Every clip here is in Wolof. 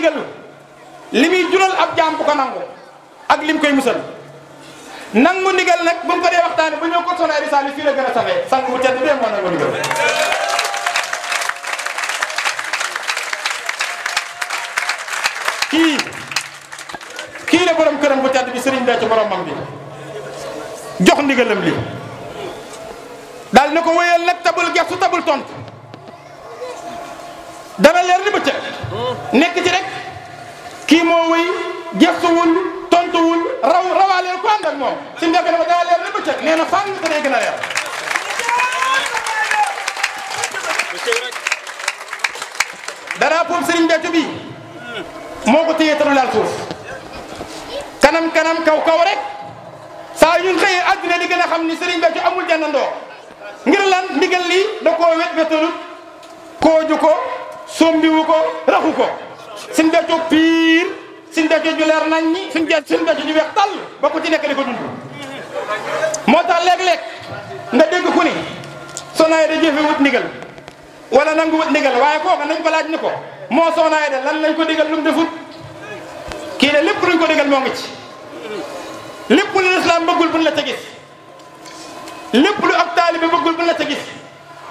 ndigal li muy jural ab jaam bu nangu ak lim koy musal nangu ndigal nag bu ñu ko dee waxtaane bu ñëw ko sona risaali fii la gën a safee sang bu tedd bee moo nangu ndigal kii kii la borom këram bu tedd bi sëriñ bee ci boromam bi jox ndigalam li daal na ko wéyal nag tabul gestu tabul tontu dana leer ni bëccëg nekk ci rek kii moo wëy gestuwul tontuwul raw rawaaleel ko ànd ak moom si nga ne na fànn te day gën a leer. dara poofu Serigne Béthio bi moo ko téye te laal suuf kanam kanam kaw kaw rek saa yu ñu xëyee àddina di gën a xam ni Serigne Béthio amul jànnandoo ngir lan ndigal lii da koo wet wetalu koo ju jiwu ko raxu ko suñ becco piir suñ becco ju leer nañ ñi suñ becco suñ becco ju weex tàll ba ku ci nekk di ko dund moo tax léeg-léeg nga dégg ku ni Soxna Aida jëfe wut ndigal wala nangu wut ndigal waaye kooka nañ ko laaj ni ko moo Soxna Aida lan lañ ko digal lu mu defut kii ne lépp luñ ko digal moo ngi ci lépp lu lislaam bëggul buñ la ca gis lépp lu ak taalibe bëggul buñ la ca gis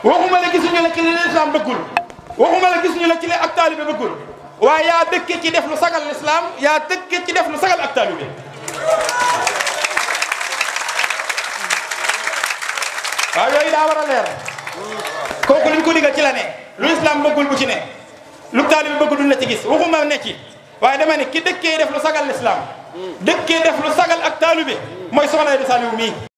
waxuma la gisuñu la ci li lislaam bëggul ma la gis ñu la ci le ak taalibe bëggul waaye yaa dëkke ci def lu sagal lislaam yaa dëkke ci def lu sagal ak taalibe waaw yooyu daa war leer kooku liñ ko digal ci la ne lu islam bëggul bu ci ne lu taalibe bëggul duñ la ci gis waxuma ne ci waaye dama ne ki dëkk def lu sagal lislaam def lu sagal ak taalibe mooy soxna Aida Saliou mii